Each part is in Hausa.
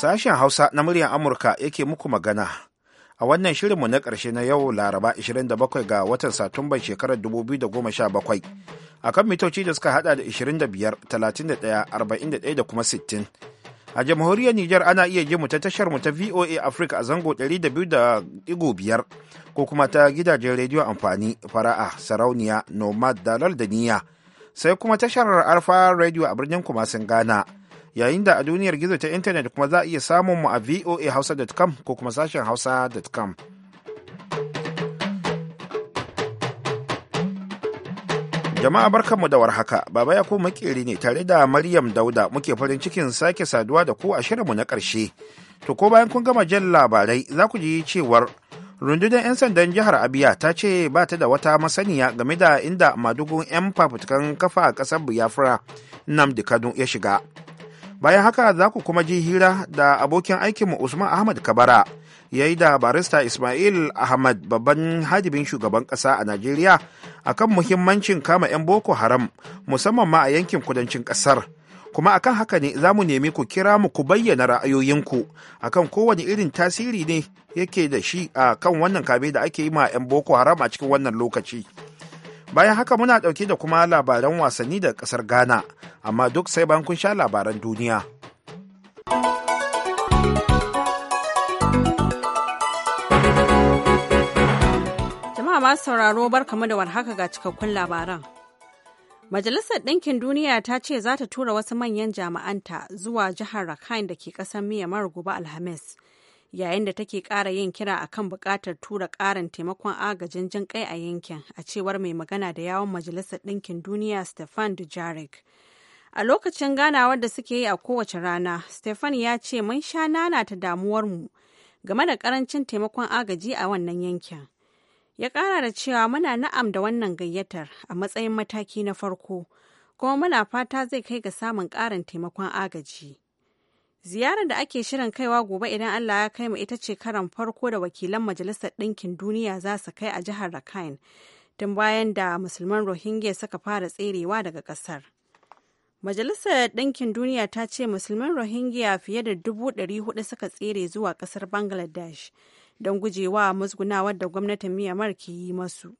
Sashen Hausa na muryar Amurka yake muku magana. A wannan shirinmu na ƙarshe na yau Laraba 27 ga watan Satumban shekarar 2017 a kan mitoci da suka hada da 25, 31, 41 da kuma 60. a jamhuriyar Nijar ana iya ji mu ta tashar mu ta VOA Africa a zango 200.5 ko kuma ta gidajen rediyo amfani fara'a sarauniya nomad dalal da niyya sai kuma tashar alfa radio a birnin kumasin gana yayin da a duniyar gizo ta intanet kuma za a iya samun mu a voa hausa.com ko kuma sashen hausa.com Jama'a barkanmu da warhaka, Baba ya ku makeri ne tare da Maryam Dauda muke farin cikin sake saduwa da ku a shirinmu na ƙarshe. To ko bayan kun gama jan labarai za ku ji cewar rundunar 'yan sandan jihar Abia ta ce ba ta da wata masaniya game da inda madugun 'yan fafutukan kafa a ƙasar Biafra Nnamdi Kanu ya shiga. Bayan haka za ku kuma ji hira da abokin aikinmu Usman Ahmad Kabara. ya yi da barista ismail ahmad babban hadibin shugaban kasa a najeriya akan muhimmancin kama 'yan boko haram musamman ma a yankin kudancin kasar kuma akan haka ne za mu nemi ku kira mu ku bayyana ra'ayoyinku akan kowane irin tasiri ne yake da shi a kan wannan kabe da ake yi ma 'yan boko haram a cikin wannan lokaci bayan haka muna ɗauke da kuma labaran wasanni da ƙasar ghana amma duk sai bayan kun sha labaran duniya. Jama'a masu sauraro kama da warhaka ga cikakkun labaran. Majalisar Ɗinkin Duniya ta ce za ta tura wasu manyan jami'anta zuwa jihar Rakhine da ke ƙasar Myanmar gobe Alhamis, yayin da take ƙara yin kira a kan buƙatar tura ƙarin taimakon agajin jin kai a yankin, a cewar mai magana da yawon Majalisar Ɗinkin Duniya Stefan Dujarric. A lokacin ganawar da suke yi a kowace rana, Stefan ya ce mun sha nana ta mu" game da ƙarancin taimakon agaji a wannan yankin. ya ƙara da cewa muna na'am da wannan gayyatar a matsayin mataki na farko kuma muna fata zai kai ga samun ƙarin taimakon agaji ziyarar da ake shirin kaiwa gobe idan allah ya kai mu ita ce karan farko da wakilan majalisar ɗinkin duniya za su kai a jihar rakhine tun bayan da musulman rohingya suka fara tserewa daga ƙasar majalisar ɗinkin duniya ta ce musulman rohingya fiye da dubu ɗari hudu suka tsere zuwa ƙasar bangladesh don gujewa musgunawar da gwamnatin miyamar ke yi masu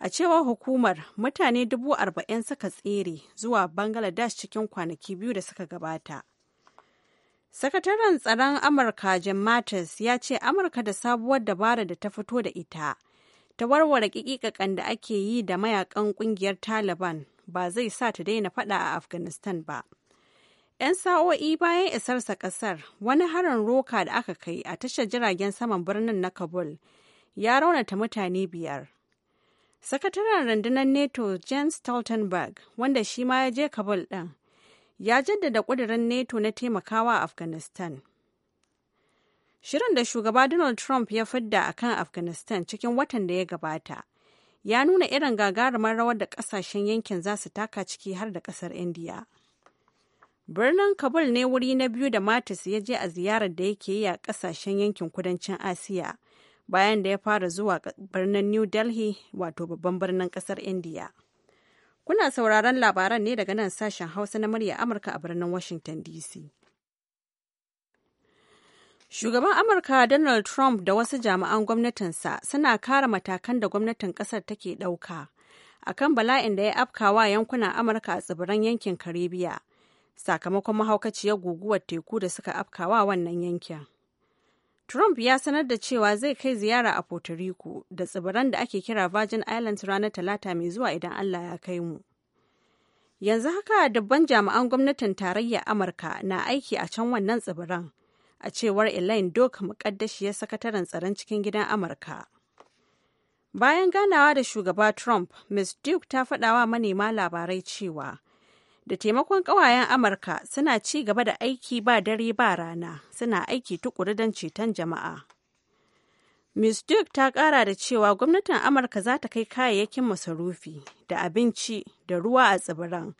a cewar hukumar mutane dubu arba'in suka tsere zuwa bangladesh cikin kwanaki biyu da suka gabata sakataren tsaron amurka jim mattis ya ce amurka da sabuwar dabara da ta fito da ita ta warware kikikakan da ake yi da mayakan kungiyar taliban ba zai sa ta daina fada a afghanistan ba 'Yan sa'o'i bayan isarsa kasar, wani harin roka da aka kai a tashar jiragen saman birnin na Kabul ya raunata mutane biyar. Sakataren rundunar NATO Jens Stoltenberg, wanda shi ma ya je Kabul ɗin, ya jaddada ƙudurin NATO na taimakawa Afghanistan. Shirin da shugaba Donald Trump ya fidda a kan Afghanistan cikin watan da ya gabata, ya nuna irin gagarumar rawar da ƙasashen yankin za su taka ciki har da ƙasar India. Birnin Kabul ne wuri na biyu da Matis ya je a ziyarar da yake yi a kasashen yankin kudancin Asiya bayan da ya fara zuwa birnin New Delhi wato babban birnin kasar India. Kuna sauraron labaran ne daga nan sashen Hausa na murya Amurka a birnin Washington DC. Shugaban Amurka Donald Trump da wasu jami'an gwamnatinsa suna kare matakan da gwamnatin kasar take ɗauka akan bala'in da ya afkawa yankunan Amurka a tsibiran yankin Karibiya. sakamakon mahaukaciyar guguwar teku da suka afkawa wannan yankin. Trump ya sanar da cewa zai kai ziyara a Puerto Rico da tsibiran da ake kira Virgin Islands ranar Talata mai zuwa idan Allah ya kai mu. Yanzu haka dabban jami'an gwamnatin tarayyar Amurka na aiki a can wannan tsibiran, a cewar Elaine Doak mukaddashiyar sakataren tsaron cikin gidan Amurka. Bayan ganawa da shugaba Trump, Ms. Duke ta faɗawa manema labarai cewa da taimakon ƙawayen amurka suna ci gaba da aiki ba dare ba rana suna aiki tukuru don ceton jama'a Ms. Duke ta ƙara da cewa gwamnatin Amurka za ta kai kayayyakin masarufi da abinci da ruwa a tsibiran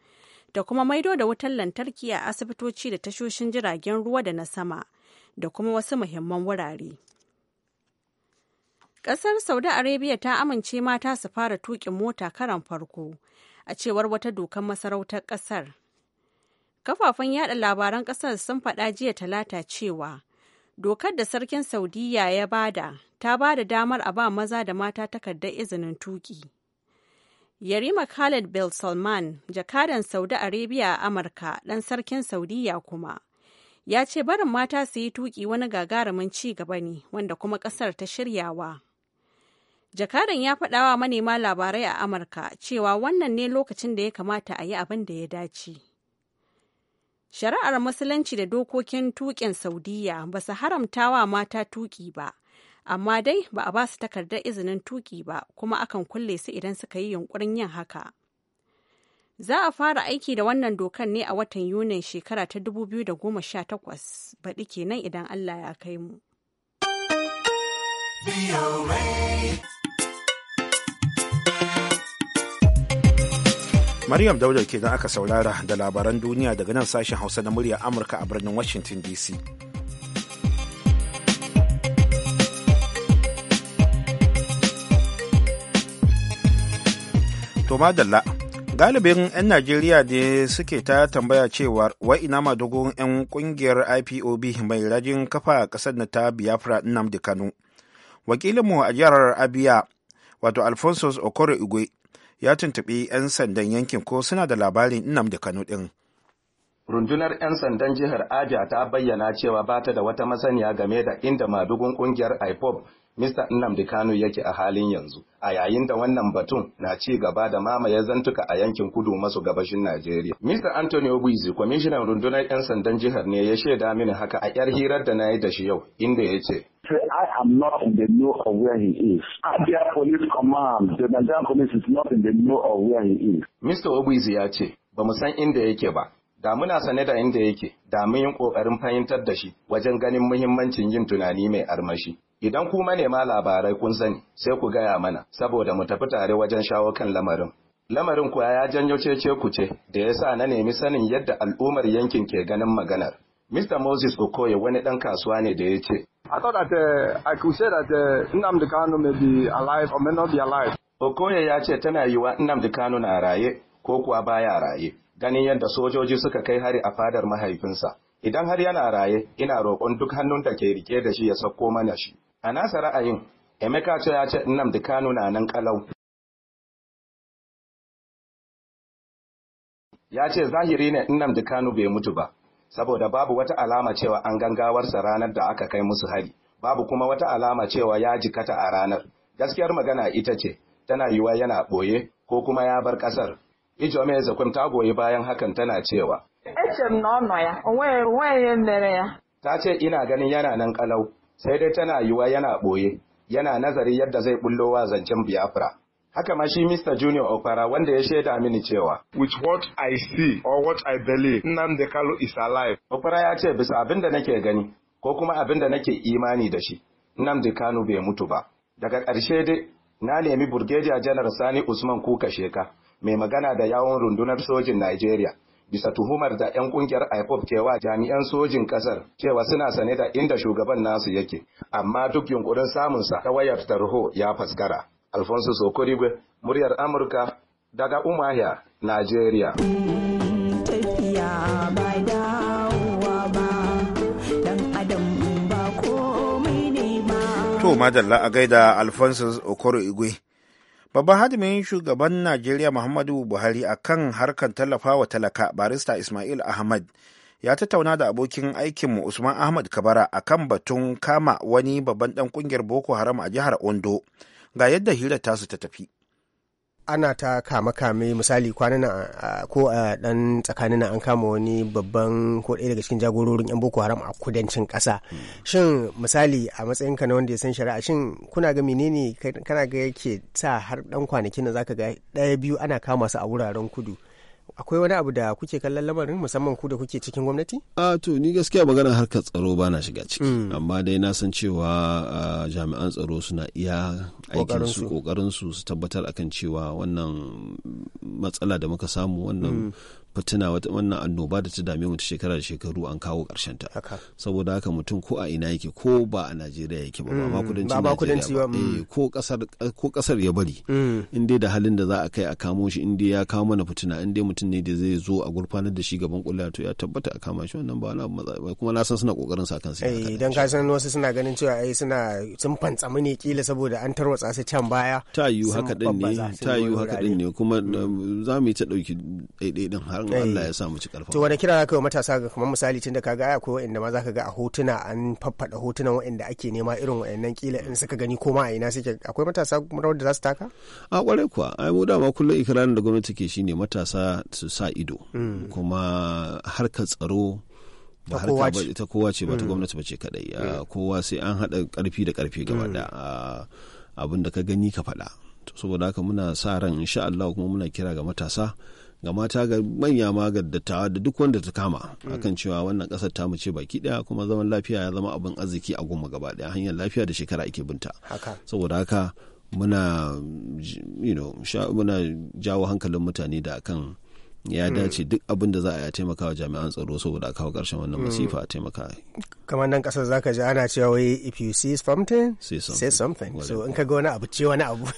da kuma maido da wutar lantarki a asibitoci da tashoshin jiragen ruwa da na sama da kuma wasu muhimman wurare. Ƙasar Saudi Arabia ta amince mata su fara tuƙin mota karan farko a cewar wata dokan masarautar ƙasar. Kafafen yada labaran ƙasar sun faɗa jiya talata cewa dokar da sarkin Saudiyya ya bada ta ba da damar a ba maza da mata takardar izinin tuki. Yarima Khaled Bel Salman, jakadan Saudi Arabia a Amurka, ɗan sarkin Saudiyya kuma, ya ce barin mata su yi tuki wani gagarumin ci gaba ne wanda kuma ƙasar ta shiryawa. Jakadan ya faɗawa manema labarai a Amurka cewa wannan ne lokacin da ya kamata a yi abin da ya dace. Shari'ar Musulunci da dokokin tuƙin Saudiya ba su haramta wa mata tuƙi ba, amma dai ba a ba su takardar izinin tuƙi ba kuma akan kulle su idan suka yi yunkurin yin haka. Za a fara aiki da wannan dokar ne a watan Yunin shekara ta 2018 baɗi kenan idan Allah ya kai mu. Maryam Dauda don aka saurara da labaran duniya daga nan sashen Hausa na murya Amurka a birnin Washington DC. To madalla, galibin 'yan Najeriya ne suke ta tambaya cewa wai ina madogon 'yan kungiyar IPOB mai rajin kafa ƙasar na ta Biafra Nnamdi Kano. Wakilinmu a jihar Abia, wato Alphonsus Okoro Igwe, ya tuntuɓi 'yan sandan yankin ko suna da labarin da Kano ɗin. Rundunar 'yan sandan jihar Aja ta bayyana cewa ba ta da wata masaniya game da inda madugun ƙungiyar IPOB Mr. Nnamdi Kanu yake a halin yanzu, a yayin da wannan batun na ci gaba da mamaye zantuka a yankin kudu maso gabashin Najeriya. Mr. Anthony Obuizi, kwamishinan rundunar 'yan sandan jihar ne ya shaida mini haka a 'yar hirar da na yi da shi yau, inda ya ce. I am not in of where he is. Abia Police not in of where he is. Mr. Obuizi ya ce, ba mu san inda yake ba, da muna sane da inda yake da mun yi ƙoƙarin fahimtar da shi wajen ganin muhimmancin yin tunani mai armashi Idan ku manema labarai kun sani, sai ku gaya mana, saboda mu tafi tare wajen shawo kan lamarin. Lamarin kuwa ya janyo cece ce da ya sa na nemi sanin yadda al'ummar yankin ke ganin maganar. Mr. Moses Okoye wani ɗan kasuwa ne da ya ce. I thought that uh, I could say that uh, Nnamdi Kanu may be alive or may not be alive. Okoye ya ce tana yiwa Nnamdi Kanu na raye ko kuwa baya raye, ganin yadda sojoji suka kai hari a fadar mahaifinsa. idan har yana raye ina roƙon duk hannun da ke rike da shi ya sauko mana shi a nasa ra'ayin emeka ce ya ce nnamdi kanu na nan kalau ya ce zahiri ne nnamdi kanu bai mutu ba saboda babu wata alama cewa an gangawarsa ranar da aka kai musu hari babu kuma wata alama cewa ya jikata a ranar gaskiyar magana ita ce tana yiwa yana ɓoye ko kuma ya bar ƙasar ijome zakwam ta goyi bayan hakan tana cewa eche m na ọ nọ ya onweghị ihe ya ta ce ina ganin yana nan kalau sai dai tana yiwa yana ɓoye yana nazari yadda zai bullo wa zancen biafra haka ma shi Mr. Junior Opara wanda ya shaida mini cewa with what I see or what I believe Nnamdi Kalu is alive Opara ya ce bisa abin da nake gani ko kuma abin da nake imani da shi Nnamdi Kanu bai mutu ba daga ƙarshe dai na nemi Brigadier Janar Sani Usman Kuka Sheka mai magana da yawon rundunar sojin Najeriya bisa tuhumar da 'yan kungiyar IPOP kewa jami'an sojin kasar cewa suna sane da inda shugaban nasu yake amma duk yunkurin samunsa ta wayar tarho ya faskara. Alfonso Sokorigwe, muryar Amurka daga Umahia, Najeriya. Tafiya ba To, a gaida Alfonso Igwe. babban hadimin shugaban najeriya muhammadu buhari a kan harkar tallafawa talaka barista ismail ahmad ya tattauna da abokin aikinmu usman ahmad kabara a kan batun kama wani babban ɗan ƙungiyar boko haram a jihar ondo ga yadda hirar tasu ta tafi ana ta kame-kame misali kwanan ko a dan tsakanin an kama wani babban ko ɗaya daga cikin jagororin 'yan boko haram a kudancin ƙasa shin misali a matsayinka na wanda ya san shari'a shin kuna ga menene kana ga yake sa har dan kwanakin da zaka ga ɗaya biyu ana kama su a wuraren kudu akwai wani abu da kuke kallon lamarin musamman ku da kuke cikin gwamnati? a to ni gaskiya magana harkar tsaro ba na shiga ciki hmm. amma dai na san cewa jami'an tsaro suna iya aikin su kokarin su su tabbatar akan cewa wannan matsala da muka samu wannan hmm. fitina wata wannan annoba da ta dame mu ta shekara da shekaru an kawo ƙarshen ta saboda haka mutum ko a ina yake ko ba a Najeriya yake ba ba mm, kudancin Najeriya ba mm. eh, ko kasar ko kasar ya bari mm. in dai da halin da za a kai a kamo shi in dai ya kawo mana fitina in dai mutum ne da zai zo a gurfanar da shi gaban kullaya to ya tabbata a kama shi wannan ba wani kuma na san suna kokarin sa kansu idan eh, ka san wasu suna ganin cewa ai suna sun fantsamu ne kila saboda an tarwatsa su can baya ta yiwu haka din ne ta yiwu haka din ne kuma um, za mu yi ta dauki ɗaiɗai din har in Allah eh. ya sa mu ci karfa to wani kira zaka yi matasa ga kamar misali tunda kaga aya akwai wanda ma zaka ga a hotuna an faffada hotunan wa'anda ake nema irin waɗannan kila in suka gani ko ma a ina suke akwai matasa rawar da za su taka a kwarai kuwa ai mu dama kullum ikirarin da gwamnati ke shine matasa su sa ido hmm. kuma harkar tsaro ba ba kowa ce ba ta hmm. gwamnati ba ce kadai hmm. kowa sai an haɗa karfi da karfi gaba da abin da ka gani ka faɗa saboda haka muna sa ran insha Allah kuma muna kira ga matasa ga mata ga manya ma ga dattawa da duk wanda ta kama hmm. akan cewa wannan kasar ta ce baki daya kuma zaman lafiya ya zama abin arziki a goma gaba daya hanyar lafiya da shekara ake binta saboda haka muna you know muna jawo hankalin mutane da akan ya hmm. dace duk abin da za a taimaka wa jami'an tsaro saboda a kawo ƙarshen wannan hmm. masifa a taimaka kamar nan kasar za ka ji ana cewa wai if you see something say something, so in ka ga wani abu ce wani abu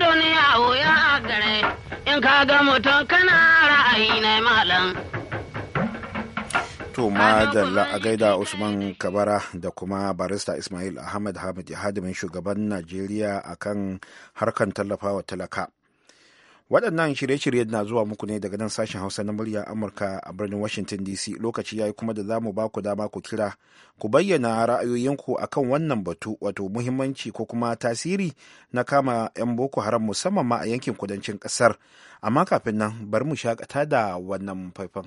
duniya kaga mutum kana ra'ayi na malam. To madalla a gaida Usman Kabara da kuma barista Ismail Ahmad Hamid hadimin shugaban Najeriya akan harkan tallafawa talaka. waɗannan shirye-shirye na zuwa muku ne daga nan sashen hausa na murya amurka a birnin washington dc lokaci ya yi kuma da za mu ba ku dama ku kira ku bayyana ra'ayoyinku a kan wannan batu wato muhimmanci ko kuma tasiri na kama 'yan boko haram musamman ma a yankin kudancin ƙasar amma kafin nan bari mu shakata da wannan faifan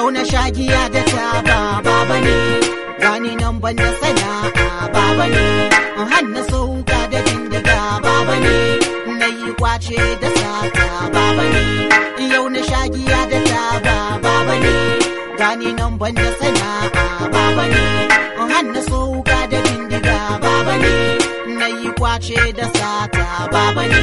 yau na shagiya da taba baba ne wani nan ban da sana'a baba ne han sauka da bindiga baba ne na yi kwace da saka baba ne yau na shagiya da taba baba ne gani nan ban da sana'a baba ne han sauka da bindiga baba ne na yi kwace da saka baba ne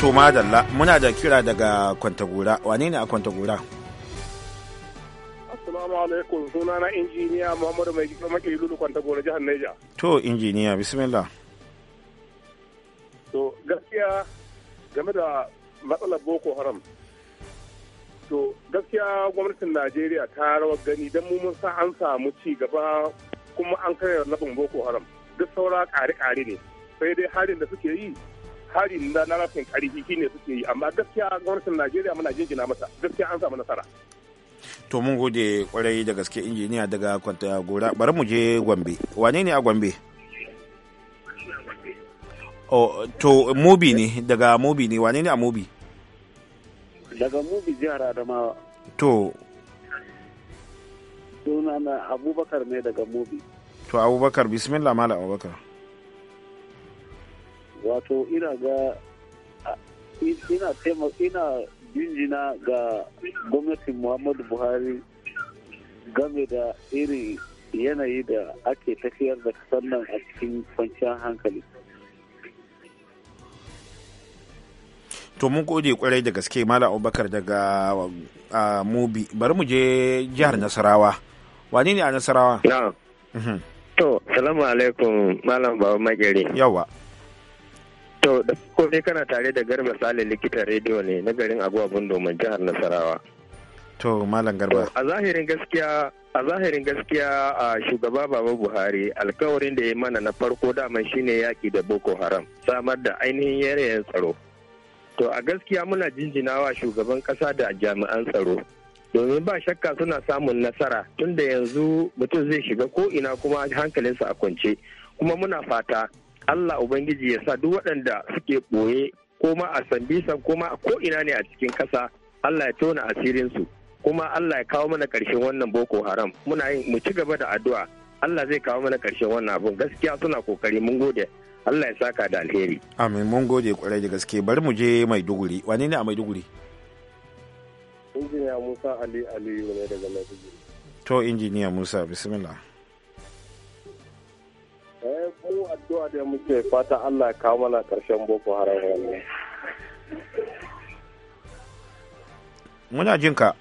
to madalla muna da kira daga kwantagura wane ne a kwantagura Assalamu alaikum sunana injiniya Muhammadu Mai Jikin Makiri Lulu Kwantagora jihar Neja. To injiniya bismillah. To gaskiya game da matsalar Boko Haram. To gaskiya gwamnatin Najeriya ta rawar gani don mun sa an samu ci gaba kuma an karya rabin Boko Haram. Duk saura kare-kare ne. Sai dai harin da suke yi hari na rafin karfi shine suke yi amma gaskiya gwamnatin najeriya muna jinjina masa gaskiya an samu nasara to mun gode kwarai da gaske injiniya daga kwanta gora bari mu je gombe wane ne a gombe oh, to mubi ne daga mubi ne wane ne a mubi. daga mubi jihar adamawa to sunana abubakar ne daga mubi. to abubakar bismillah malam abubakar wato ina ga ina ina jinjina ga gwamnatin muhammadu buhari game da irin yanayi da ake tafiyar da kasar nan a cikin kwanciyar hankali to mun gode kwarai da gaske malam abubakar daga mubi bari mu je jihar nasarawa wani ne a nasarawa mhm. to salamu alaikum malam baba makere yawa To da ko kana tare da Garba Sale likitan rediyo ne na garin Bundo domin jihar Nasarawa. To Malam Garba. A zahirin gaskiya a shugaba Baba Buhari alkawarin da ya mana na farko daman shine yaki da Boko Haram samar da ainihin yanayin tsaro. To a gaskiya muna jinjinawa shugaban ƙasa da jami'an tsaro. domin ba shakka suna samun nasara tunda yanzu mutum zai shiga ko ina kuma hankalinsa a kwance kuma muna fata Allah Ubangiji ya sa duk waɗanda suke ɓoye ko ma a sambisan ko ma ko ina ne a cikin ƙasa Allah ya tona asirinsu kuma Allah ya kawo mana ƙarshen wannan Boko Haram muna yin mu ci gaba da addu'a Allah zai kawo mana ƙarshen wannan abun gaskiya suna kokari mun gode Allah ya saka da alheri amin mun gode kwarai da gaske bari mu je Maiduguri wane ne a Maiduguri injiniya Musa Ali Aliyu ne daga Maiduguri to injiniya Musa bismillah addu'a da muke fata Allah ya kawo mana boko haram wannan muna jin ka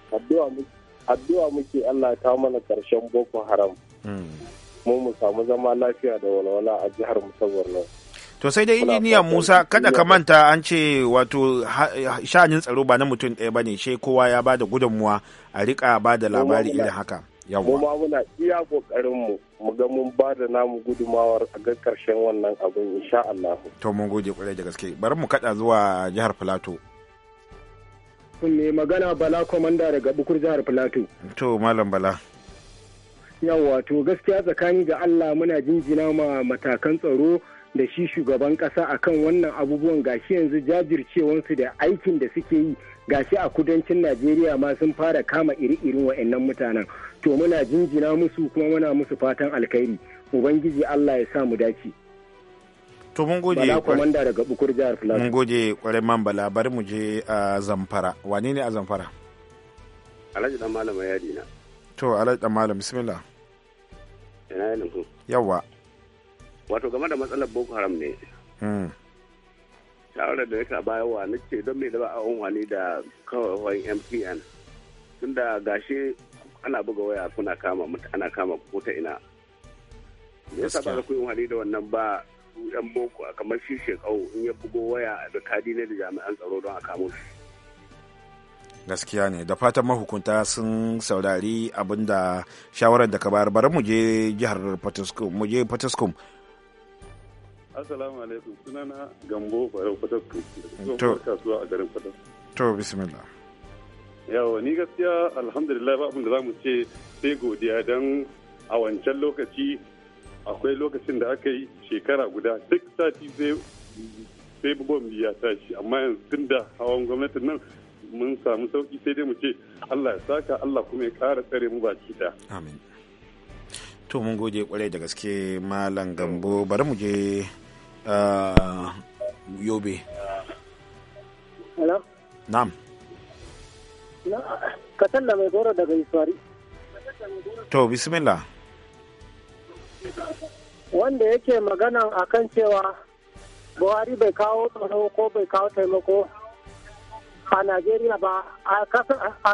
addu'a muke Allah ya kawo mana karshen boko haram hmm. mu mu samu zama lafiya da walwala a jihar mu saboda to sai dai injiniya musa kada ka manta an ce wato sha'anin tsaro ba na mutum ɗaya bane shi kowa ya ba da gudunmuwa a rika ba da labari irin haka mu ma muna iya kokarin mu mu ga mun ba da namu gudumawar a ga karshen wannan abin insha Allah to mun goje kwarai da gaske bari mu kada zuwa jihar Filato ne magana Bala komanda daga Bukur jihar Filato to malam Bala yawa to gaskiya tsakani ga Allah muna jinjina ma matakan tsaro da shi shugaban kasa akan wannan abubuwan gashi yanzu jajircewansu da aikin da suke yi gashi a kudancin najeriya ma sun fara kama iri-irin wa'annan mutanen to muna jinjina musu kuma muna musu fatan alkhairi ubangiji allah ya sa mu dace to mun gode daga bukur jihar mun kwarai man bala bari mu je a zamfara wani ne a zamfara alhaji dan malam yadi na to alhaji dan malam bismillah yana yawwa. wato game da matsalar boko haram ne hmm. shawarar da yaka bayarwa na ce don mai daba ba a wani da kawai mpn tunda gashi ana buga waya kuna kama ana kama ko ta ina me yasa ba ku yin wani da wannan ba yan boko a kamar shi shekau in ya bugo waya da kadi ne da jami'an tsaro don a kamo shi gaskiya ne da fatan mahukunta sun saurari abinda shawarar da ka bayar bari mu je jihar mu Assalamu alaikum sunana Gambo Barau Fatakku. To kasuwa a garin To bismillah. Yawa ni gaskiya alhamdulillah ba abin da zamu ce sai godiya dan a wancan lokaci akwai lokacin da aka yi shekara guda duk sati sai sai bugon ya tashi amma yanzu tun da hawan gwamnatin nan mun samu sauki sai dai mu ce Allah ya saka Allah kuma ya kara tsare mu baki da. Amin. To mun gode kwarai da gaske Malam Gambo bari mu je Uh, yobe na'am ka talla mai goro daga iswari to bismillah wanda yake magana akan cewa buhari bai kawo tsaro ko bai kawo taimako a najeriya ba a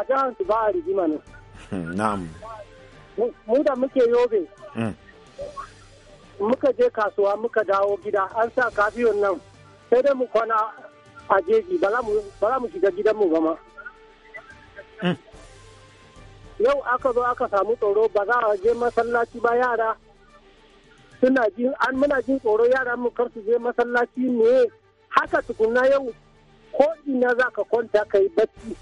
jihar su ba a rigima ne hmm, na'am mu da muke yobe hmm. muka je kasuwa muka dawo gida an sa kafiyon nan sai dai mu kwana a jeji ba za mu shiga gidan mu gama hmm. yau aka zo aka samu tsoro ba za a je masallaci ba yara suna jin an muna jin tsoro yara mu kar su je masallaci ne haka tukuna yau ko ina za ka kwanta ka yi bacci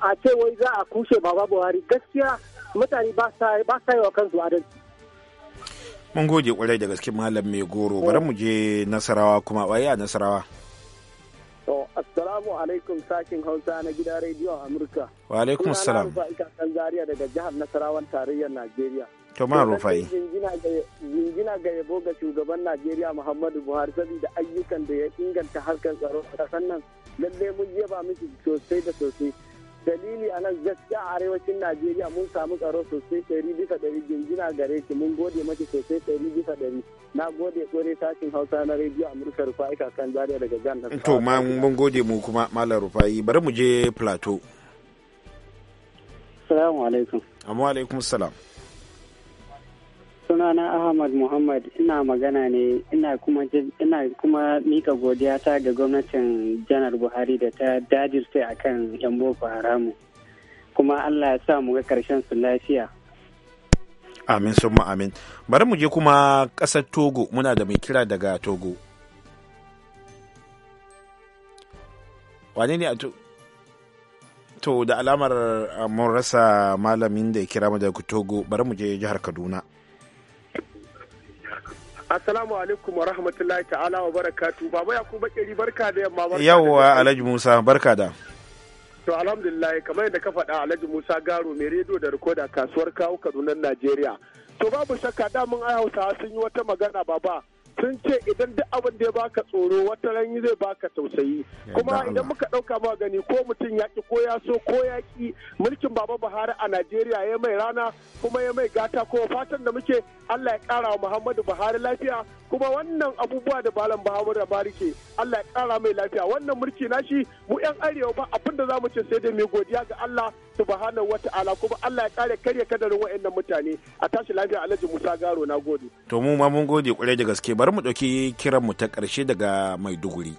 a ce wai za a kushe baba buhari gaskiya mutane ba sa yi wa kansu adalci mun goge kwarai da gaske malam mai goro bari mu je nasarawa kuma waye a nasarawa to assalamu alaikum sakin hausa na gida radio amurka wa alaikum assalam zaria daga jihar nasarawan tarayyar najeriya to ma rufai jingina ga yabo ga shugaban najeriya muhammadu buhari saboda ayyukan da ya inganta harkar tsaro a kasan nan lalle mun yaba miki sosai da sosai dalili a nan gaskiya a arewacin najeriya mun samu tsaro sosai ɗari bisa ɗari gingina gare ki mun gode mace sosai ɗari bisa ɗari na gode kore sashin hausa na rediyo a amurka rufai kakan zaria daga jihar nasarawa to ma mun gode mu kuma malam rufai bari mu je plateau salamu alaikum amma alaikum salam sunana ahmad muhammad ina magana ne ina kuma ina kuma mika godiya ta ga gwamnatin janar buhari da ta dajirce akan yan boko haramu kuma allah ya sa mu ga karshen su lafiya amin sun amin bari mu je kuma ƙasar togo muna da mai kira daga togo wane ne a to da alamar ah, mun rasa malamin da ya kira mu daga togo bari mu je jihar kaduna Assalamu alaikum wa rahmatullahi ta'ala wa barakatu. Baba ya kuma bakeri barka da yamma barka. Yawwa Alhaji Musa barka da. To alhamdulillah kamar yadda ka faɗa Alhaji Musa Garo mai rediyo da rikoda kasuwar kawo Kaduna Najeriya. To babu shakka da mun ai sun yi wata magana baba. sun ce idan duk abin da ya baka tsoro wata ranyi zai baka tausayi eh, kuma idan muka dauka ma gani ko mutum ya ki ko ya so ko ya ki mulkin baba Buhari a Najeriya ya mai rana kuma ya mai gata ko fatan da muke Allah ya kara wa Muhammadu Buhari lafiya kuma wannan abubuwa da balan Muhammadu Buhari ke Allah ya kara mai lafiya wannan mulki nashi mu yan arewa ba abin da mu ce sai dai mai godiya ga Allah subhanahu ta'ala kuma Allah ya kare karya kadarin waɗannan mutane a tashi lafiya Alhaji Musa Garo na gode to mu ma mun gode kure da gaske bari mu dauki kiran mu ta karshe daga Maiduguri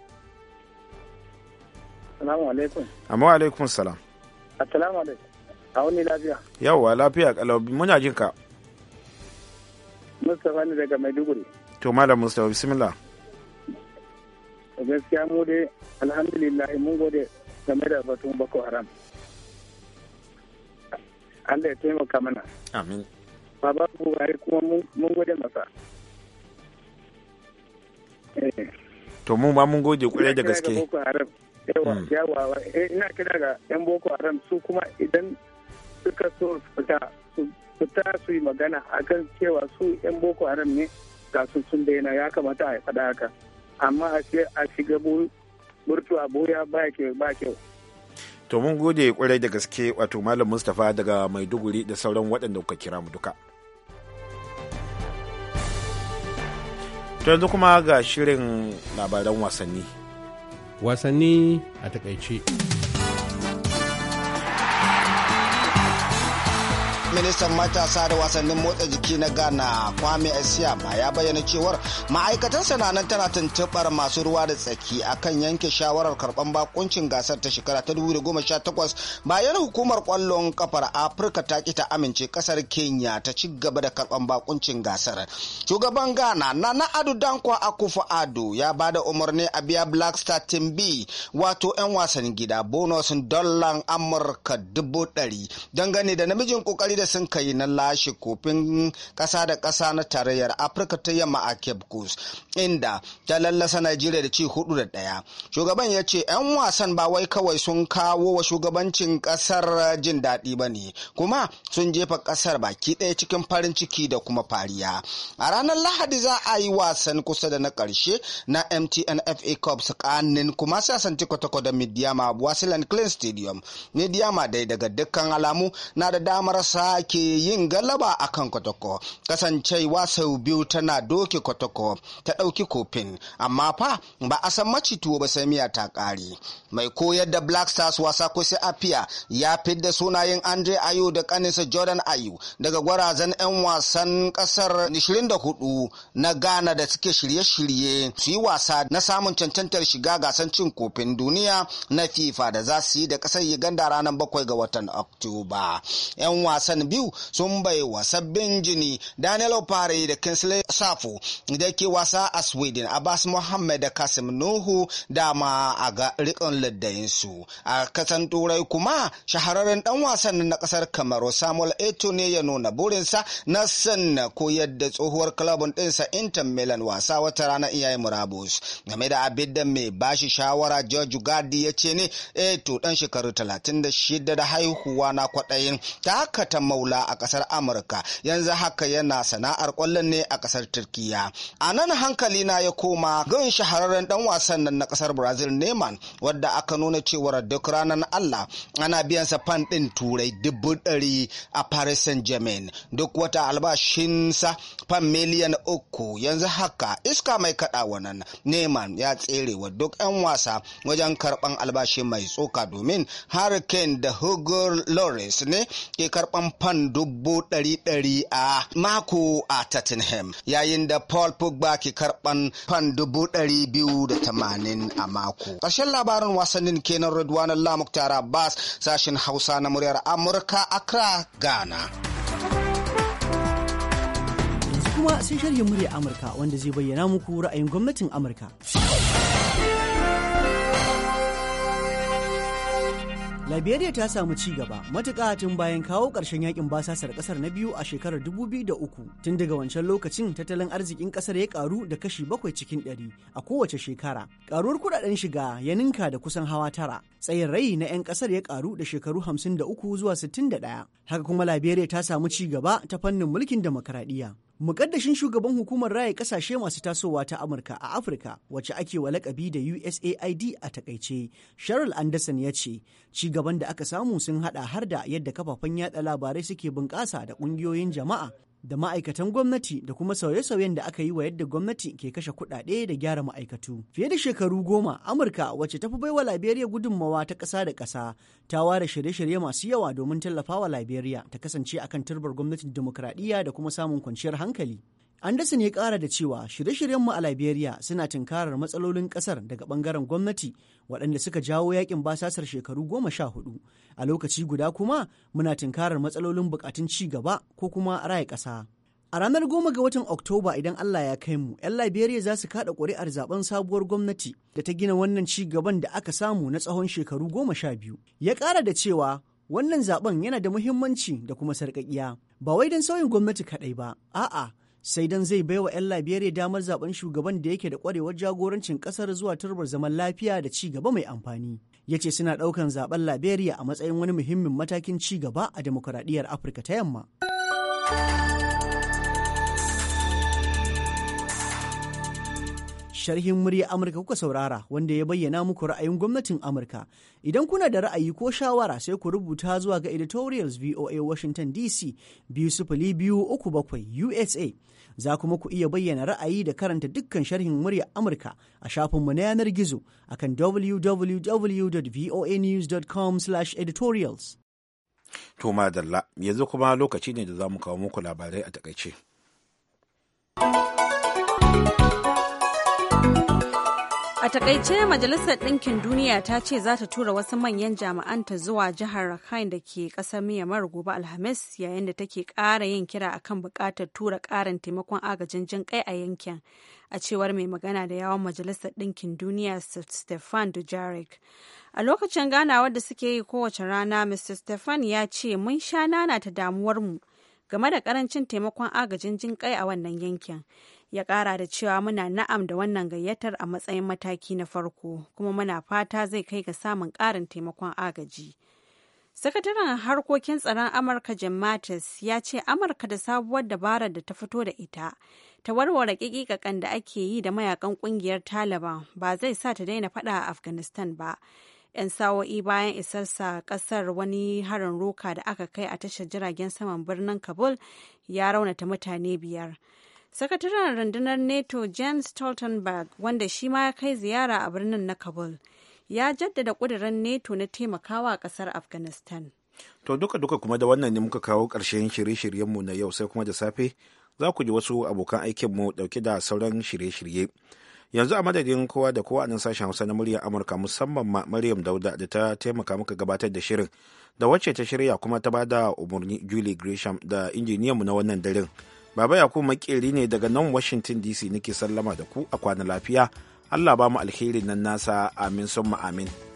Assalamu alaikum Amma alaikum salam Assalamu alaikum a wani lafiya yawa lafiya kalabi muna jin ka mustafa ne daga Maiduguri to malam mustafa bismillah gaskiya mu dai alhamdulillah mun gode game da batun boko haram Allah ya taimaka mana. Amin. Baba Buhari kuma mun gode masa. Eh. To mu ba mun gode kwarai da gaske. Mm. Eh, ina kira ga 'yan Boko Haram su kuma idan suka so su fita su yi magana kan cewa su 'yan Boko Haram ne ga su sun daina ya kamata a faɗa haka. Amma a shiga burtu a boya ba ba kyau. to mun gode kwarai da gaske wato malam mustapha daga maiduguri da sauran waɗanda kuka kira mu duka to yanzu kuma ga shirin labaran wasanni wasanni a takaice. ministan matasa da wasannin motsa jiki na ghana kwame asiyama ya bayyana cewar ma'aikatan sananan tana tuntuɓar masu ruwa da tsaki akan yanke shawarar karɓar bakuncin gasar ta shekara ta 2018 bayan hukumar kwallon kafar afirka ta ki ta amince kasar kenya ta ci gaba da karɓar bakuncin gasar shugaban ghana nana adu dankwa akufo ado ya ba da umarni a biya black star team b wato 'yan wasan gida bonus dollar amurka dubu ɗari dangane da namijin kokari da sun kai na lashe kofin kasa da kasa na tarayyar afirka ta yamma a cape coast inda ta lallasa najeriya da ci hudu da daya shugaban ya ce 'yan wasan ba wai kawai sun kawo wa shugabancin kasar jin daɗi ba ne kuma sun jefa kasar baki ɗaya cikin farin ciki da kuma fariya a ranar lahadi za a yi wasan kusa da na ƙarshe na mtn fa cup tsakanin kuma sasanti kwatakwa da midiyama wasilan clean stadium midiyama dai daga dukkan alamu na da damar sa Najeriya ke yin galaba a kan Kotoko, kasancewa sau biyu tana doke Kotoko ta ɗauki kofin, amma fa ba a san tuwo ba sai miya ta ƙare. Mai koyar da Black Stars wasa sai afiya ya fidda sunayen Andre ayo da kaninsa Jordan ayo daga gwarazan 'yan wasan ƙasar 24 na Ghana da suke shirye-shirye su yi wasa na samun cancantar shiga gasan cin kofin duniya na FIFA da za su yi da ƙasar Uganda ranar bakwai ga watan Oktoba. 'Yan wasan kasashen biyu sun wa sabbin jini Daniel Opare da Kinsley Safo da ke wasa a Sweden Abbas Mohammed Kasim Nuhu dama a ga laddayinsu. A kasan Turai kuma shahararren dan wasan na kasar Kamaru Samuel Eto ne ya nuna burinsa na sanna koyar da tsohuwar klabun dinsa Inter Milan wasa wata rana iyaye murabus. Game da abin da mai bashi shawara George Gadi ya ce ne Eto dan shekaru 36 da haihuwa na kwaɗayin ta haka maula a kasar amurka yanzu haka yana sana'ar kwallon ne a kasar turkiya a nan hankali na ya koma gan shahararren dan wasan nan na kasar brazil neman wadda aka nuna cewar duk ranar allah ana biyan sa fan din turai dubu dari a paris saint germain duk wata albashinsa fan miliyan uku yanzu haka iska mai kaɗawa wannan neman ya tsere wa duk 'yan wasa wajen karban albashi mai tsoka domin hurricane da hugo loris ne ke karɓan fan dubu ɗari ɗari a mako a Tottenham yayin da Paul Pogba ke karɓan fan dubu ɗari biyu da tamanin a mako. Ƙarshen labarin wasannin kenan Redwan Allah Muktar Abbas sashen Hausa na muryar Amurka Accra Ghana. kuma sai shirya murya Amurka wanda zai bayyana muku ra'ayin gwamnatin Amurka. Liberia ta samu ci gaba matuƙa tun bayan kawo ƙarshen yakin basasar ƙasar na biyu a shekarar 2003 tun daga wancan lokacin tattalin arzikin ƙasar ya ƙaru da kashi bakwai cikin ɗari a kowace shekara. Ƙaruwar kuɗaɗen shiga ya ninka da kusan hawa tara. Tsayin rai na 'yan ƙasar ya karu da shekaru hamsin da uku zuwa sittin da 61. Haka kuma Liberia ta samu ci gaba ta fannin mulkin demokaradiyya. Mukaddashin shugaban hukumar raya kasashe masu tasowa ta Amurka a Afirka wacce ake wa lakabi da USAID a takaice, Sheryl Anderson ya ce, ci gaban da aka samu sun hada har da yadda kafafen yada labarai suke bunƙasa da ƙungiyoyin jama'a da ma'aikatan gwamnati da kuma sauye-sauyen da aka yi wa yadda gwamnati ke kashe kuɗaɗe da gyara ma'aikatu. Fiye da shekaru goma, Amurka wacce ta fi baiwa Liberia gudunmawa ta ƙasa da ƙasa ta ware shirye-shirye masu yawa domin tallafawa Liberia ta kasance akan turbar gwamnatin demokradiyya da kuma samun kwanciyar hankali. Anderson ya ƙara da cewa shirye-shiryenmu a Liberia suna tunkarar matsalolin ƙasar daga ɓangaren gwamnati waɗanda suka jawo yakin basasar shekaru goma sha hudu. A lokaci guda kuma muna tunkarar matsalolin bukatun ci gaba ko kuma raya ƙasa. A ranar goma ga watan Oktoba idan Allah ya kai mu, 'yan Liberia za su kaɗa ƙuri'ar zaben sabuwar gwamnati da ta gina wannan ci gaban da aka samu na tsawon shekaru goma sha biyu. Ya ƙara da cewa wannan zaben yana da muhimmanci da kuma sarƙaƙiya. Ba wai don sauyin gwamnati kaɗai ba, a'a sai don zai bai wa 'yan Liberia damar zaben shugaban da yake da kwarewar jagorancin kasar zuwa turbar zaman lafiya da ci gaba mai amfani. Ya ce suna ɗaukan zaben Liberia a matsayin wani muhimmin matakin ci gaba a demokuraɗiyar Afirka ta yamma. sharhin murya Amurka kuka saurara wanda ya bayyana muku ra'ayin gwamnatin Amurka. Idan kuna da ra'ayi ko shawara sai ku rubuta zuwa ga editorials VOA Washington DC biyu sifili biyu uku bakwai USA. Za kuma ku iya bayyana ra'ayi da karanta dukkan sharhin murya Amurka a shafinmu na yanar gizo akan www.voanews.com/editorials. To madalla yanzu kuma lokaci ne da za mu kawo muku labarai a takaice. A takaice Majalisar Ɗinkin Duniya ta ce za ta tura wasu manyan jami'anta zuwa jihar Rakhine da ke ƙasar Myanmar gobe Alhamis yayin da take ƙara yin kira a kan buƙatar tura ƙarin taimakon agajin jin kai a yankin. A cewar mai magana da yawon Majalisar Ɗinkin Duniya Stefan Dujarric. A lokacin ganawar da suke yi kowace rana, Mr. Stefan ya ce mun sha nana ta damuwar mu, game da ƙarancin taimakon agajin jin kai a wannan yankin. ya kara da cewa muna na'am da wannan gayyatar a matsayin mataki na farko kuma muna fata zai kai ga samun karin taimakon agaji sakataren harkokin tsaron amurka jim mattis ya ce amurka da sabuwar dabarar da ta fito da ita ta warware kikikakan da ake yi da mayakan kungiyar taliban ba zai sa ta daina fada a afghanistan ba 'yan sawo'i bayan isarsa kasar wani harin roka da aka kai a tashar jiragen saman birnin kabul ya raunata mutane biyar sakataren rundunar nato james stoltenberg wanda shi ma ya kai ziyara a birnin na kabul ya jaddada kudirin nato na taimakawa kasar afghanistan to duka-duka kuma da wannan ne muka kawo karshen shirye-shiryenmu na yau sai kuma da safe za ku ji wasu abokan aikinmu ɗauke da sauran shirye-shirye yanzu a madadin kowa da kowa a nan sashen hausa na muryar amurka musamman ma maryam dauda da ta taimaka muka gabatar da shirin da wacce ta shirya kuma ta bada umarni julie gresham da injiniyanmu na wannan daren Baba Yakubu makeri ne daga nan Washington DC nake sallama da ku a kwana lafiya. Allah ba mu alherin nan nasa amin summa amin.